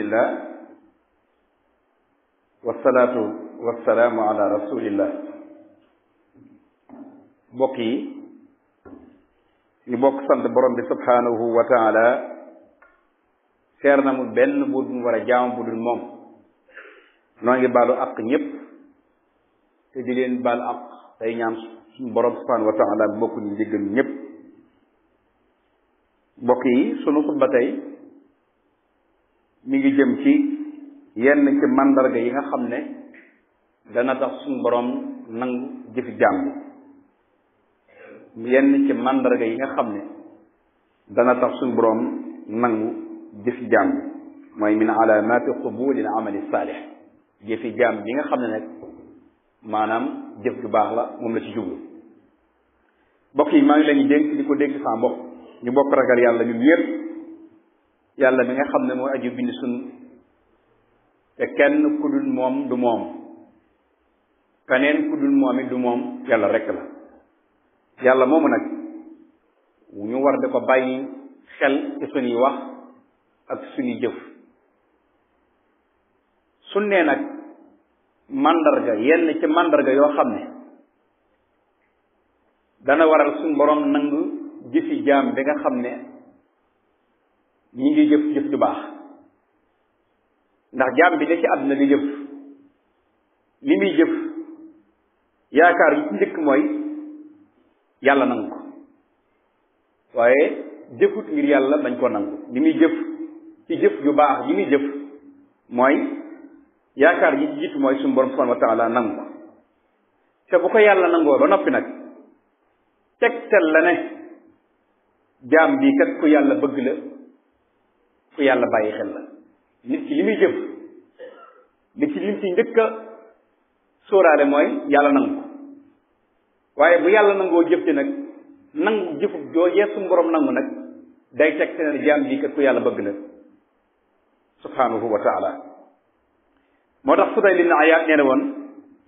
alhamdulillah wasalaatu wasalaamu ala rasulillah mbokk yi ñu bokk sant borom bi subhanahu wa taala na mu benn buur bu mu war a bu dul moom noo ngi baalu àq ñépp te di leen baal àq tey ñaan borom subhanahu wa bokk ñu njëggal ñépp mbokk yi sunu xutba mi ngi jëm ci yenn ci mandarga yi nga xam ne dana tax suñu borom nangu jëfi jaam bi yenn ci mandarga yi nga xam ne dana tax suñu jëfi jaam bi mooy min alaamati qubulil amali saalih jëfi jaam nga xam ne nag maanaam jëf ju baax la moom la ci jublu mbokk yi maa ngi leen di dénk ko dénk saa mbokk ñu bokk ragal yàlla ñun ñëpp yàlla mi nga xam ne mooy aju bind sun te kenn ku moom du moom keneen yàlla rekk la yàlla moomu nag ñu war di ko bàyyi xel ci suñuy wax ak suñuy jëf su nee nag màndarga yenn ci màndarga yoo xam ne dana waral suñ borom nangu jëfi jaam bi nga xam ne ñu ngi jëf jëf ju baax ndax jaam bi ne ci àdduna di jëf li muy jëf yaakaar yi ci njëkk mooy yàlla nangu ko waaye jëfut ngir yàlla bañ koo nangu li muy jëf ci jëf ju baax yi muy jëf mooy yaakaar yi ci jiitu mooy suñu borom subhanahu wa taala nangu ko te bu ko yàlla nangoo ba noppi nag tegtal la ne jaam bii kat ku yàlla bëgg la ku yàlla bàyyi xel la nit ki li muy jëf li ci lim ci njëkk sóoraale mooy yàlla nangu waaye bu yàlla nangoo jëf ci nag nangu jëfub joojee suñu borom nangu nag day teg seen jaam bi kat ku yàlla bëgg la subhanahu wa moo tax su day li na ayaat nee na woon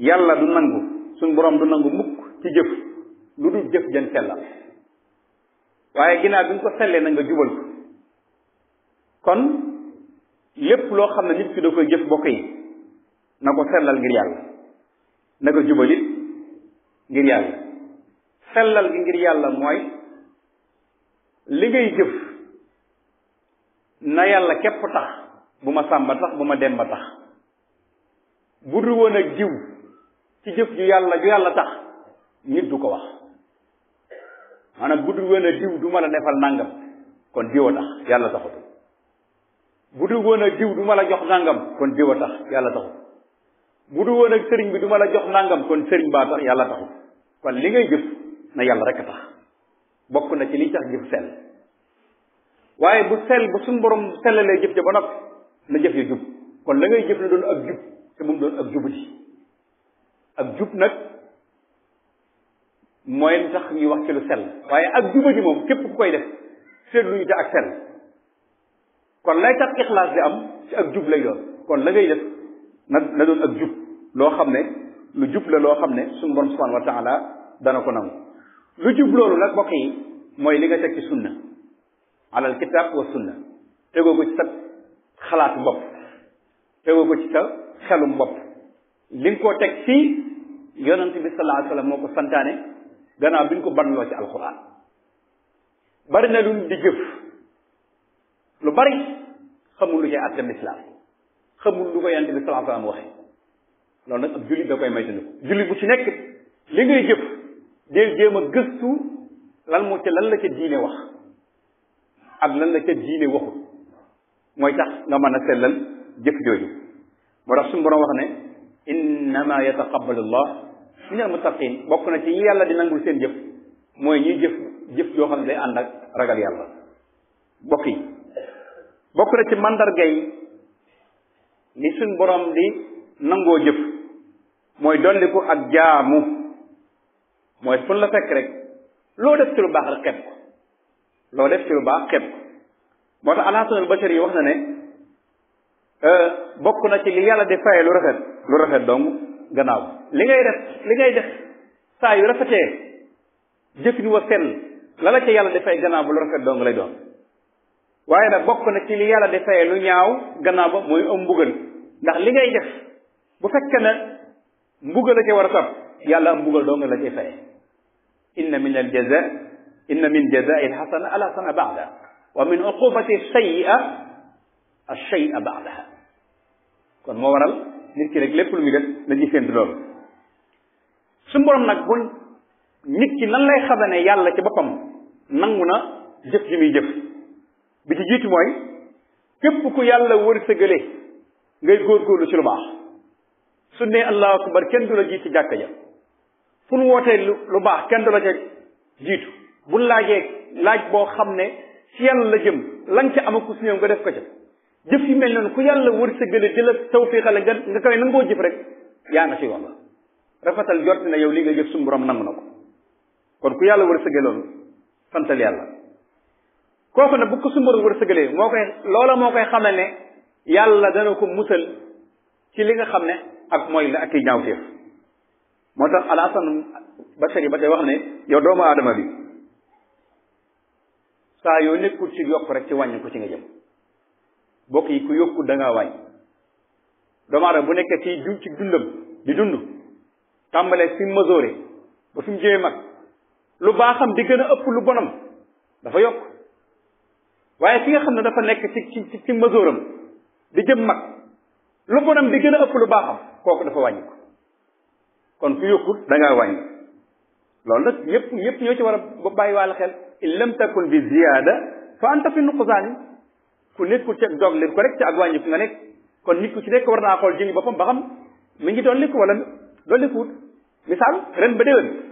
yàlla du nangu suñ borom du nangu mukk ci jëf lu dul jëf jën sellal waaye ginnaaw bi nga ko sellee na nga jubal kon lépp loo xam ne nit ki da koy jëf bokk yi na ko sellal ngir yàlla na ko jubalit ngir yàlla sellal gi ngir yàlla mooy li ngay jëf na yàlla képp tax bu ma sàmba tax bu ma demba tax bu dul woon jiw ci jëf ju yàlla ju yàlla tax nit du ko wax maanaam bu dul woon jiw du ma la defal nangam kon jiw a tax yàlla taxut bu dul woon ak diw du la jox nangam kon diw a tax yàlla taxul bu dul ak sëriñ bi duma la jox nangam kon sëriñ baa tax yàlla taxul kon li ngay jëf na yàlla rek a tax bokk na ci li tax jëf sell waaye bu sell bu borom sellalee jëf ja ba noppi na ngay jëf na doon ak jub te ak jub nag mooy tax ñuy wax ci waaye ak jubati moom képp ku koy def seetluñu ca ak sell kon lay tax ixlaas bi am ci ak jub lay doon kon la ngay def na na doon ak jub loo xam ne lu jub la loo xam ne suñu borom subhanahu wa taala dana ko nangu lu jub loolu nag mbokk yi mooy li nga teg ci sunna alal kitab wa sunna tegoo ko ci sa xalaatu bopp tegoo ko ci sa xelum bopp li nga koo teg fii yonent bi sallallahu alayhi wasallam moo ko santaane gannaaw bi ñu ko banloo ci alquran bari na lu di jëf lu bari xamul lu ci àttam lislaam xamul lu ko yonent bi sallallahu alayhi wa sallam waxe loolu nag ab jullit da koy maytandiku jullit bu ci nekk li ngay jëf del jéem a gëstu lan moo ci lan la ca diine wax ak lan la ca diine waxul mooy tax nga mën a sellal jëf jooju moo tax suñu borom wax ne innama yataqabbalu llah min almuttaqin bokk na ci yi yàlla di nangul seen jëf mooy ñuy jëf jëf joo xam ne day ànd ak ragal yàlla bokk bokk na ci mandarga yi ni suñ borom di nangoo jëf mooy dolliku ak jaamu mooy fun la fekk rek loo def ci lu baax rek xeeb ko loo def ci lu baax xeeb ko moo tax alxasan al yi wax na ne euh, bokk na ci li yàlla di faye lu rafet lu rafet dong gannaaw li ngay def li ngay def saa yu rafetee jëfin wa sell la la ca yàlla di fay gannaaw bu lu rafet dong lay doon waaye nag bokk na ci li yàlla di faye lu ñaaw gannaaw ba mooy am ndax li ngay def bu fekkee ne mbugal la ca war a topp yàlla am mbugal doo nga la in faye inna min al jaza inna min jazai al xasana ala sana baada wa min uqubati sayia al shay'a baadaha kon moo waral nit ki rek lépp lu muy def na jëfandu loolu su borom nag bu nit ki nan lay xamee ne yàlla ci boppam nangu na jëf ji muy bi ci jiitu mooy képp ku yàlla wërsëgale ngay góorgóorlu ci lu baax su ne allahu akbar kenn du la jiit ci ja fu nu wootee lu baax kenn du la ca jiitu bu laajee laaj boo xam ne ci yàlla la jëm la nga ca am nga def ko ca jëf yu mel noonu ku yàlla wërsëgale di la tawfiixale nga nga koy nangoo jëf rek yaa nga si yoon la rafetal jot na yow li nga jëf suñu borom na ko kon ku yàlla wërsëgale loolu santal yàlla kooku nag bu ko sumbar wërsëgalee moo koy loola moo koy xamal ne yàlla dana ko musal ci li nga xam ne ak moy la ak i ñaawteef moo tax alasan basari ba tey wax ne yow doomu aadama bi saa yoo nekkul ci yokk rek ci wàññi ko ci nga jëm bokk yi ku yokku da ngaa doomu aadama bu nekkee ci du ci dundam di dund tàmbalee fi masoore ba fi mu mag lu baaxam di gën a ëpp lu bonam dafa yokk waaye ki nga xam ne dafa nekk ci ci ci mesure am di jëm mag lu bonam di gën a ëpp lu baaxam kooku dafa wàññiku kon ku yokkut da ngaa loolu nag ñëpp ñëpp ñoo ci war a ba bàyyi wàll xel in lam takun bi ziyaada fa anta fi nuqsaani ku nekkul ci dolli ko rek ci ak wàññiku ku nga nekk kon nit ku ci nekk war naa xool jëmi boppam ba xam mi ngi dolli ko wala dolli ko wut misaal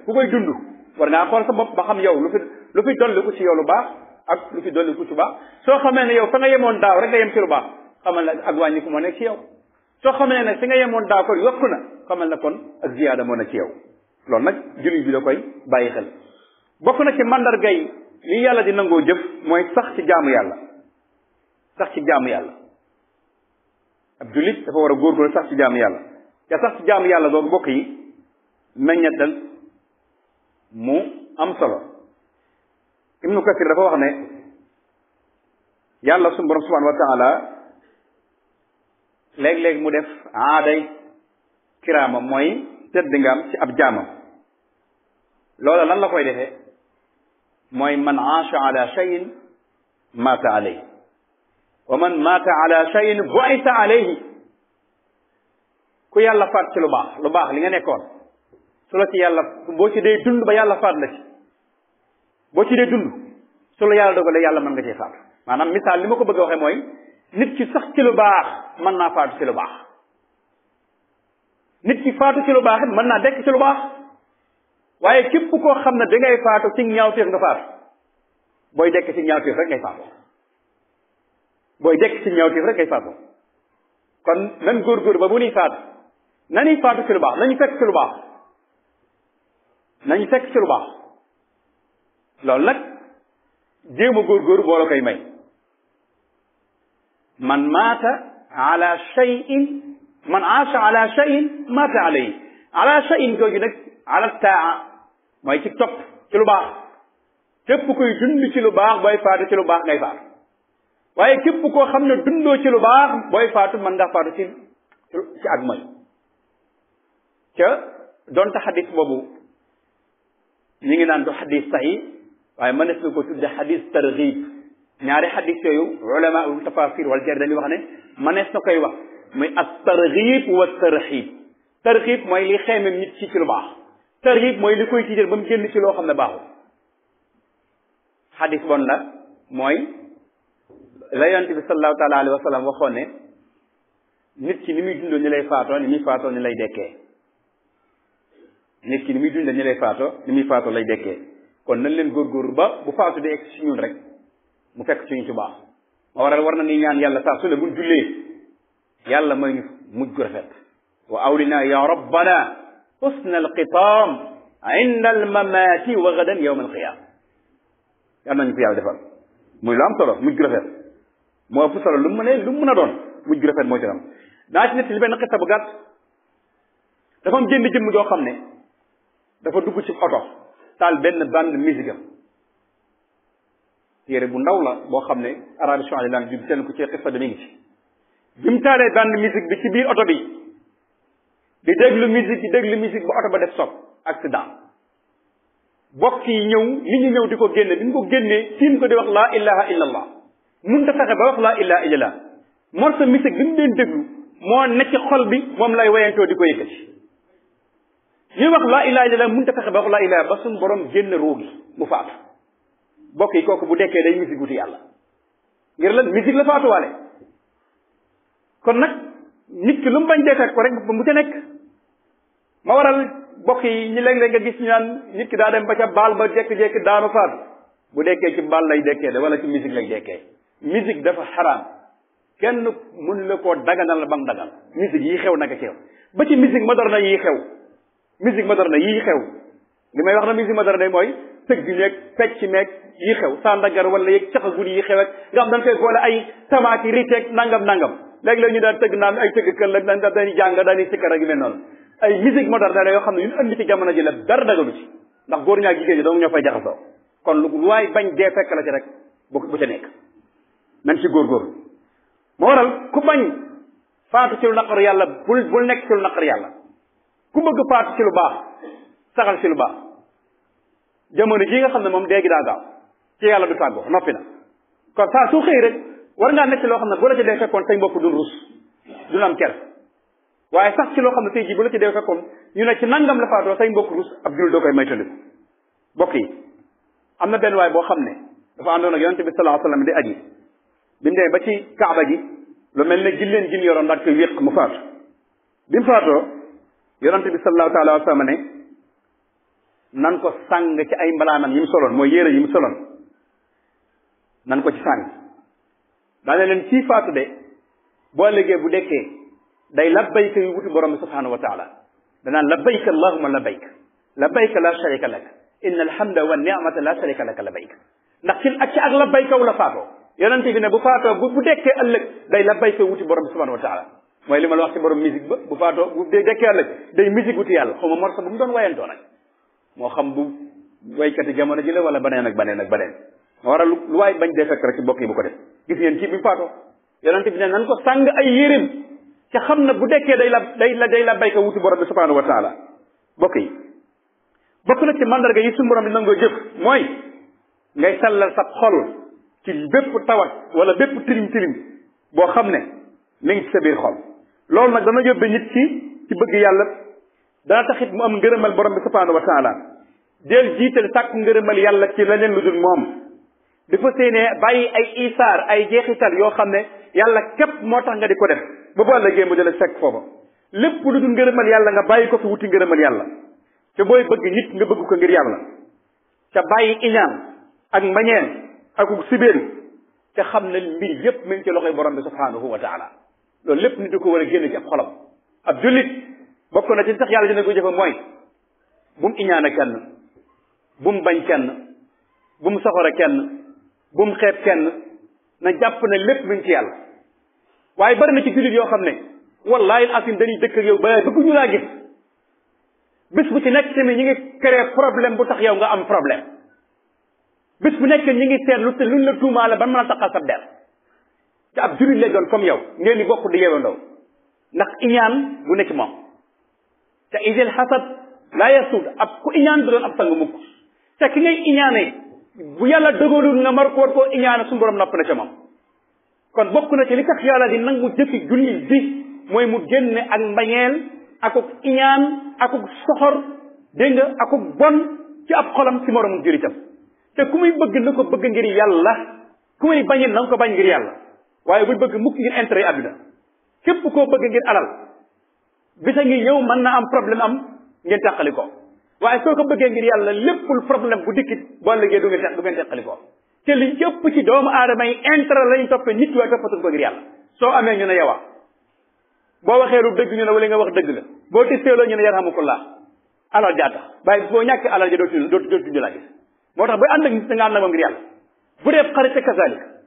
ku koy dund war ngaa xool sa bopp ba yow lu fi lu fi ci yow lu baax ak lu ci dolli ku ci baax soo xamee ne yow fa nga yemoon daaw rek nga yem ci lu baax xamal ne ak wàññi ko moo nekk ci yow soo xamee ne fi nga yemoon daaw kon yokku na xamal ne kon ak ziyaada moo nekk ci yow loolu nag jullit bi da koy bàyyi xel bokk na ci mandarga li yàlla di nangoo jëf mooy sax ci jaamu yàlla sax ci jaamu yàlla ab jullit war a góorgóorlu sax ci yàlla te sax yàlla boobu bokk yi meññetal mu am solo ibnu kasir dafa wax ne yàlla sunu borom subhanahu wa taala léeg-léeg mu def aaday kiraama mooy tëdd ngaam ci ab jaamam loola lan la koy defee mooy man aasha ala cheyin maata alayhi wa man maata ala cheyin bu'isa alayhi ku yàlla faat ci lu baax lu baax li nga nekkoon su la ci yàlla boo ci dee dund ba yàlla faat la ci boo ci dee dund su la yàlla dogalee yàlla mën nga cee faatu maanaam misaal li ma ko bëgg a waxee mooy nit ki sax ci lu baax mën naa faatu ci lu baax nit ci faatu ci lu baax it mën naa dekk ci lu baax waaye képp koo xam ne dangay faatu ci ñaawteef nga faatu booy dekk ci ñaawteef rek ngay faatu booy dekk ci rek ngay faatu kon nan góor ba bu nuy faatu nanuy faatu ci lu baax nañu fekk ci lu baax nañu fekk ci lu baax loolu nag jéem góor góorgóor moo koy may man maata ala shayin man aasha ala shayin maata alayhi ala shayin googu nag ala taa mooy ci topp ci lu baax képp kuy dund ci lu baax booy faatu ci lu baax ngay faatu waaye képp koo xam ne dundoo ci lu baax booy faatu mën nga faatu ci ci ak mooy ca donte xadis boobu ñu ngi naan du xadis saxi waaye mënees na ko tudde xadis targhib ñaari xadis yooyu ulama ul tafasir wal jar dañuy wax ne mënees na koy wax muy ak targhib wa tarhib targhib mooy li xeemem nit ci ci lu baax targhib mooy li koy tiital ba mu génn ci loo xam ne baaxu xadis bon la mooy la yonent bi sallallahu taala alayhi waxoon ne nit ki ni muy dundoo ni lay faatoo ni muy faatoo lay dekkee nit ki ni muy dundoo ni lay faatoo ni muy faatoo lay dekkee kon nañ leen góorgóorlu ba bu faatu di egg si ñun rek mu fekk suñu ci baax ma waral war na ni ñaan yàlla saa su ne buñ jullee yàlla may ñu mujj gu rafet wa awlina ya rabbana husna alxitaam inda almamaati wa gadan yowma alqiyaam yàlla nañu ko yàlla defal muy lu am solo mujj gu rafet moo mu solo lu mu ne lu mu mën a doon mujj gu rafet moo ci am naa ci nettali benn xista bu gàtt dafa am jënd jëmm joo xam ne dafa dugg ci oto taal benn bande musique am téere bu ndaw la boo xam ne arabi saudi lan jub seen ku ci xisa bi mi ngi ci bi mu taalee bande musique bi ci biir oto bi di déglu musique di déglu musique ba oto ba def soog accident bokk yi ñëw nit ñi ñëw di ko génne bi ñu ko génnee tiim ko di wax laa ilaha illa allah mun ta ba wax laa ilaha illa allah bi mu leen déglu moo nekk xol bi moom lay wayantoo di ko yëkkati ñuy wax laa ilaha illallah mënut a fexe ba wax laa ilaha ba suñu borom génn roogi mu faatu bokk yi kooku bu dekkee day musique wuti yàlla ngir lan musique la faatuwaale kon nag nit ki lu mu bañ dee ko rek ba mu ca nekk ma waral bokk yi ñu léeg nga gis ñu naan nit ki daa dem ba ca baal ba jekk-jekk daanu faatu bu dekkee ci baal lay dekkee de wala ci musique lay dekkee musique dafa xaraam kenn mënu la koo daganal ba mu dagal musique yi xew naka ci yow ba ci musique moderne yi xew musique moderne yii xew li may wax na musique moderne mooy tëgg meeg fecc meeg yi xew sandagar wala yeeg caxagun yi xew ak nga xam dañ koy boole ay tamaaki riteeg nangam nangam léegi la ñu daan tëgg naan ay tëgg kër la da dañuy jàng dañuy sikkar ak yu mel noonu ay musique moderne la yoo xam ne ñun andi ci jamono ji dara dagalu ci ndax góor ñaak jigéen ñi dong ñoo fay jaxasoo kon lu waay bañ dee fekk la ci rek bu bu ca nekk nañ ci góor moo waral ku bañ faatu ci lu naqar yàlla bul bul nekk ci lu naqar yàlla ku bëgg faatu ci lu baax saxal ci lu baax jamono jii nga xam ne moom dee gi daa gaaw ci yàlla du tàggoo noppi na kon saa su xëy rek war ngaa nekk ci loo xam ne boo la ci dee fekkoon sañ bopp dun rus dun am ker waaye sax ci loo xam ne tey jii bu la ci dee fekkoon yu ne ci nangam la faatoo sañ mbokk rus ab jullit doo koy maytaliku bokk yi am na benn waay boo xam ne dafa àndoon ak yonente bi sallallahu alayhi di aji bi mu demee ba ci kaaba gi lu mel ne gilleen gin yoroon daal koy wéq mu yonent bi sallallahu taala wa sallam ne nan ko sàng ci ay mbalaanam yi mu soloon mooy yére yi mu soloon nan ko ci sàng daane leen ci faatu de boo liggéey bu dekkee day labbayka yu wuti borom bi subhanahu wa taala danaan labbayka allahuma labbayka labbayka la sharika lak inna alhamda wa ni'mata la sharika lak labbayka ndax ci ak ci ak labbayka wu la faatoo yonent bi ne bu faatoo bu bu dekkee ëllëg day labbayka wuti borom bi subhanahu wa taala mooy li ma la wax ci borom musique ba bu faatoo bu dee dekkee la day musique wuti yàlla xaw ma morso bu mu doon wayantoo nag moo xam bu waykati jamono ji la wala baneen ak baneen ak baneen moo waral lu waaye bañ dee fekk rek ci bokk yi bu ko def gis ngeen kii bi mu faatoo yonent bi ne ko sàng ay yéreem ca xam na bu dekkee day la day la day ko wuti borom bi subhanahu wa taala bokk yi bokk na ci mandarga yi suñu borom bi nangoo jëf mooy ngay sellal sa xol ci bépp tawat wala bépp tilim tilim boo xam ne mi ngi ci loolu nag dana yóbbe nit ci ci bëgg yàlla dana taxit mu am ngërëmal borom bi subhaanahu wa taala del jiital sàkk ngërëmal yàlla ci leneen lu dul moom di fa séenee bàyyi ay isaar ay jeexital yoo xam ne yàlla képp moo tax nga di ko def ba bu àllëgee mu jëlee fekk foofa lépp lu dul ngërëmal yàlla nga bàyyi ko fi wuti ngërëmal yàlla te booy bëgg nit nga bëgg ko ngir yàlla te bàyyi iñaan ak mbañeen ak sibéen te xam ne mbir yépp mi ngi ci loxoy borom bi subhaanahu wa taala loolu lépp nit di ko war a génn ci ab xolam ab jullit bokk na ci tax yàlla dina ko jëfe mooy bu mu iñaane kenn bu mu bañ kenn bu mu soxore kenn bu mu xeeb kenn na jàpp ne lépp mi ngi ci yàlla waaye bari na ci jullit yoo xam ne wallaahi asim dañuy dëkk ak yow ba bëgguñu laa gis bis bu ci nekk tamit ñu ngi créer problème bu tax yow nga am problème bis bu nekk ñi ngi seet lu luñ la tuumaale ba mën a taxal sa der te ab jullit lay doon comme yow ngeen di bokk di yeewandoo ndax iñaan bu nekk ci moom te idil xasad laa yasuud ab ku iñaan du doon ab sang mukk te ki ngay iñaane bu yàlla dogalul nga mar ko war koo iñaane suñu borom nopp na ca moom kon bokk na ci li tax yàlla di nangu jëfi jullit bi mooy mu génne ak mbañeel akuk iñaan akuk soxor dégg nga akuk bon ci ab xolam ci moromu jullitam te ku muy bëgg na ko bëgg ngir yàlla ku muy bañit na ko bañ ngir yàlla waaye buñ bëgg mukk ngir intérêt àdduna képp koo bëgg ngir alal bisa ngi ñëw mën na am problème am ngeen teqali ko waaye soo ko bëggee ngir yàlla léppul problème bu dikkit boo liggéey du ngeen du ngeen teqali ko te li ci doomu aadama yi intérêt lañ toppee nit waaye toppatuñ ko ngir yàlla soo amee ñu ne yow boo waxee lu dëgg ñu ne wala nga wax dëgg la boo tisteeloo ñu ne yarhamukullah alal jaa tax waaye boo ñàkkee alal ja dootu dootu dootu ñu laa gis moo tax ba ànd ak nit da nga bu dee xarit te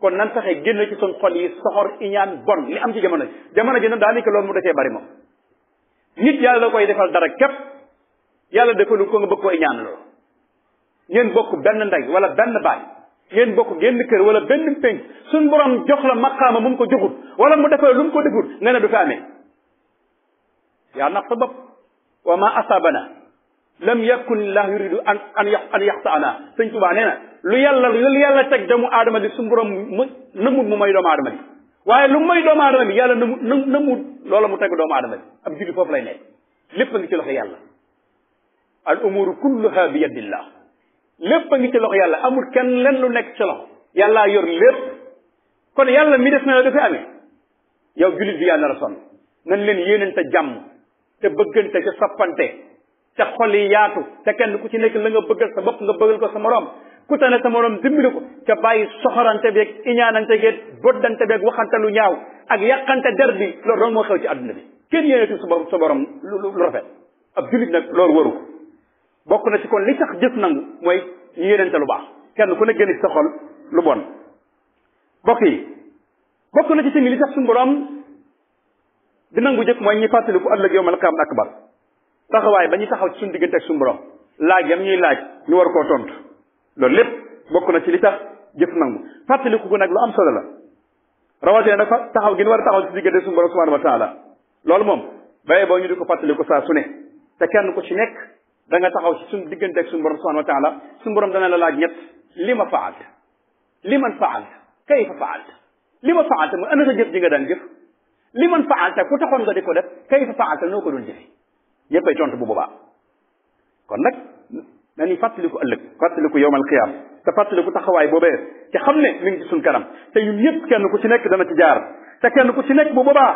kon nan fexe génn ci suñ xol yi soxor iñaan bon li am ci jamono jamono ji nag daanaka loolu mu desee bari moom nit yàlla la koy defal dara képp yàlla defalu ko nga bëgg ko iñaan loolu ngeen bokk benn ndey wala benn baay ngeen bokk génn kër wala benn penc suñ borom jox la maqaama mu ko joxut wala mu defal lu mu ko defut nga ne du fi amee yaa nax sa bopp wa ma lam yakun laa yuridu an an an yaxta ana sëñ na lu yàlla lu yàlla teg damu aadama bi su borom mu nëmmut mu may doomu aadama bi waaye lu may doomu aadama bi yàlla nëmu në nëmmut loola mu teg doomu aadama bi ab julli foofu lay nekk lépp a ngi ci loxo yàlla al umuru a ci loxo yàlla amul kenn len lu nekk ci loxo yàllaa yor lépp kon yàlla mi def na la dafay yow jullit bi yaa nar a sonn leen yéenante jàmm te bëggante ca soppante te xol yi yaatu te kenn ku ci nekk la nga bëggal sa bopp nga bëggal ko sa morom ku tane sa morom dimbali ko te bàyyi soxorante beeg iñaanante geeg boddante beeg waxante lu ñaaw ak yàqante der bi loolu moo xew ci àdduna bi kenn yéeneetu sa borom sa borom lu rafet ab bokk na ci kon li tax jëf nangu mooy lu baax kenn ku ne gën ci sa xol lu bon bokk yi bokk na ci tamit li tax suñu borom di nangu jëf mooy ñi fàttaliku ëllëg yowmal qiyaam akbar taxawaay ba ñu taxaw ci suñu diggante ak suñu borom laaj yam ñuy laaj ñu war koo tontu loolu lépp bokk na ci li tax jëf nangu ku ko nag lu am solo la rawatina nag fa taxaw gi ñu war a taxaw ci diggante suñu borom subhanahu wa taala loolu moom baye boo ñu di ko fàttaliku saa su ne te kenn ko ci nekk da taxaw ci suñu diggante ak suñu borom subhanahu wa taala suñu borom dana la laaj ñett li ma faal li man faal kay fa faal li ma faal mooy ana sa nga daan jëf li man faal ku taxoon nga ko def kay fa faal noo ko doon yéppay tontu bu boobaa kon nag nañuy fàttaliku ëllëg fàttaliku yowmal qiyaam te fàttaliku taxawaay boobee te xam ne mi ngi ci kanam te ñun ñëpp kenn ku ci nekk dana ci jaar te kenn ku ci nekk bu boobaa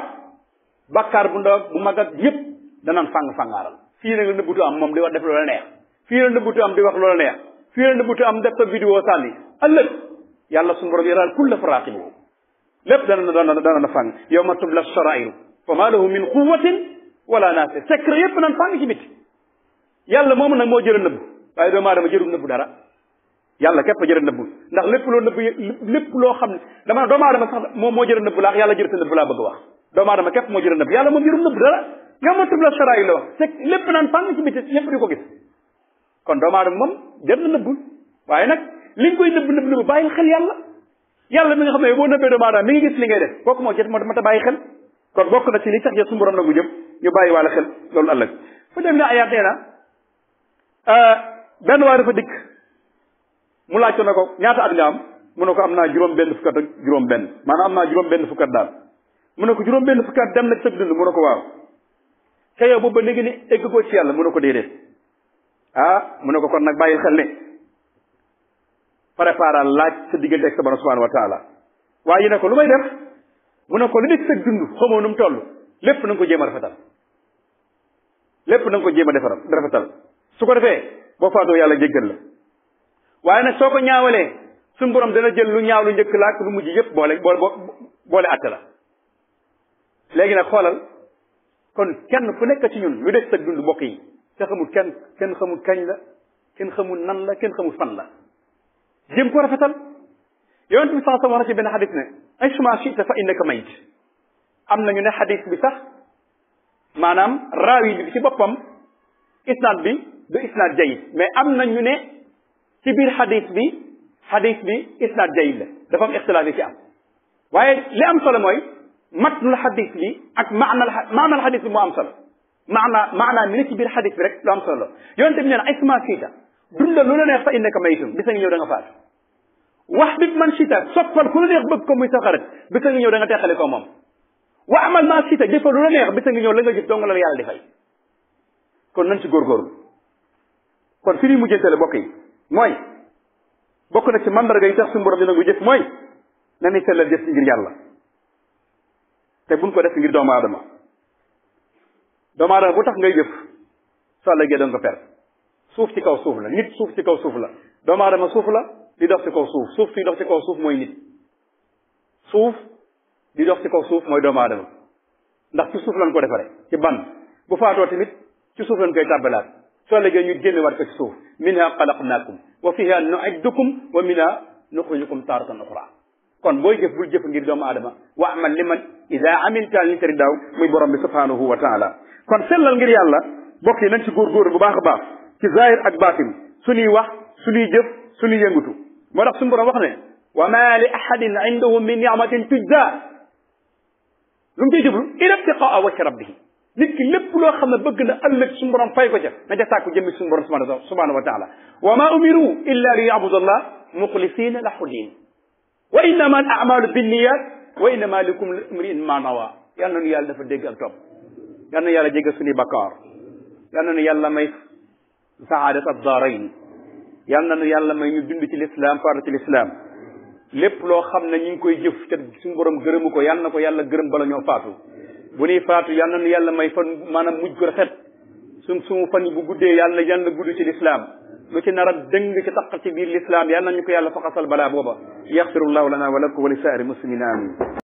bàkkaar bu ndaw bu mag ak yëpp danaan fàng-fàngaaral fii nag la nëbbutu am moom di wax def loola neex fii la nëbbutu am di wax loola neex fii la nëbbutu am def sa vidéo sànni ëllëg yàlla suñu borom yaraal kul la faraaqibu lépp dana dana dana fàng yow ma tubla sharairu fa maa lahu min naa naasir secret yépp nan fàng ci biti yàlla moomu nag moo jër jëra nëbb waaye doomu aadama jërul nëbb dara yàlla képp jërë nëbb ndax lépp loo nëbb lépp loo xam ne dama doomu aadama sax moom moo jërë nëbb laax yàlla jërë ta nëbb laa bëgg wax doomu aadama képp moo jërë nëbb yàlla moom jërum nëbb dara yow ma tub la sara yi la wax c'est ci biti ñëpp di ko gis kon doomu aadama moom jër na nëbb waaye nag li nga koy nëbb nëbb nëbb bàyyil xel yàlla yàlla mi nga xam ne boo nëbbee doomu aadama mi gis li ngay def kooku moo jët bàyyi xel kon bokk na ci li tax ya sumborom na gu jëm ñu bàyyi wàlla xel loolu ëllëg fa dem na ayaat nee euh, benn waay dafa dikk mu laaj ko ne ko ñaata at nga am mu ne ko am naa juróom benn fukkat ak juróom benn maana am naa juróom benn fukkat daal mu ne ko juróom benn fukkat dem nag sëb dund mu ne ko waaw te yow boobu ba léegi ni egg ko ci yàlla mu ne ko déedéet ah mu ne ko kon nag bàyyi xel ne préparal laaj sa diggante ak sa borom subhanahu wa taala waaye yi ne ko lu may def mu ne ko li nekk sa dund toll lépp na ko jéem a lépp na ko jéem a defaral rafetal su ko defee boo faatoo yàlla jéggal la waaye nag soo ko ñaawalee suñu borom dana jël lu ñaaw lu njëkk laa ak lu mujj yépp boole boole boole àtte la léegi nag xoolal kon kenn ku nekk ci ñun lu des sa dund mbokk yi te xamul kenn kenn xamul kañ la kenn xamul nan la kenn xamul fan la jéem ko rafetal yonent bi sax sa wax na benn xadis ne ay suma chita fa innaka mayit am nañu ne xadis bi sax maanaam raawi bi ci boppam isnaad bi du isnaad jayid mais am na ñu ne ci biir xadis bi xadis bi isnaad jayid la dafa am ixtilaaf yi ci am waaye li am solo mooy matnul xadis bi ak maanal maanal xadis bi moo am solo maanaa maanaa mi ne ci biir xadis bi rek lu am solo la yonente bi nee na isma siita dunda lu la neex fa innaka mayitun bisa ngi ñëw da nga faatu wax bi man siita soppal ku la neex bëgg ko muy sa xarit bisa ngi ñëw da nga ko moom waa amal maa siita defal lu la neex bisa ngi ñëw la nga jëf dong la yàlla di fay kon nañ ci góorgóorlu kon fi ñuy mujjantale bokk yi mooy bokk na ci mandarga yi tax suñu borom dina ngu jëf mooy na ni sellal jëf ci ngir yàlla te buñ ko def ngir doomu aadama doomu aadama bu tax ngay jëf soo léegi da nga ko perte suuf ci kaw suuf la nit suuf ci kaw suuf la doomu aadama suuf la di dox ci kaw suuf suuf si dox ci kaw suuf mooy nit suuf di dox ci kaw suuf mooy doomu aadama ndax ci suuf lañ ko defaree ci ban bu faatoo tamit ci suuf lañ koy tàbbalaat soo léegi ñu génne waat ko ci suuf minha xalaqnaakum wa fiha nuiddukum wa minha nuxrijukum taaratan uxra kon booy jëf bul jëf ngir doomu aadama wa amal li man ida amilta li tari daaw muy borom bi subhanahu wa taala kon sellal ngir yàlla bokk yi nañ ci góorgóor bu baax a baax ci zahir ak baatin suñuy wax suñuy jëf suñuy yëngutu moo tax suñu borom wa ma li ahadin indahu lu mu cay jublu irtiqaa wacc rabbihi nit ki lépp loo xam ne bëgg na ëllëg suñu borom fay ko ca na ca sàkku jëmmi suñu borom subhanahu wa taala wa ma umiru illa li yabudu allah muxlisina lahu diin wa innama al amalu binniyat wa innama likum imriin ma nawa yal na nu yàlla dafa dégg ak topp yal na yàlla jéggal suñuy bakkaar yal na nu yàlla may saadat ad daarayn yal na nu yàlla may ñu dund ci lislaam faatu ci lislaam lépp loo xam ne ñu ngi koy jëf suñu boroom gërëmu ko yàlla na ko yàlla gërëm bala ñoo faatu bu ñuy faatu yàlla na yàlla may fan maanaam mujj ko rafet suñ suñu fan bu guddee yàlla na yàlla gudd ci lislaam lu ci nara a dëng ci taq ci biir lislaam yàlla ñu ko yàlla faxasal balaa booba yaxfirullahu lana wa lakum wa li saari muslimin amin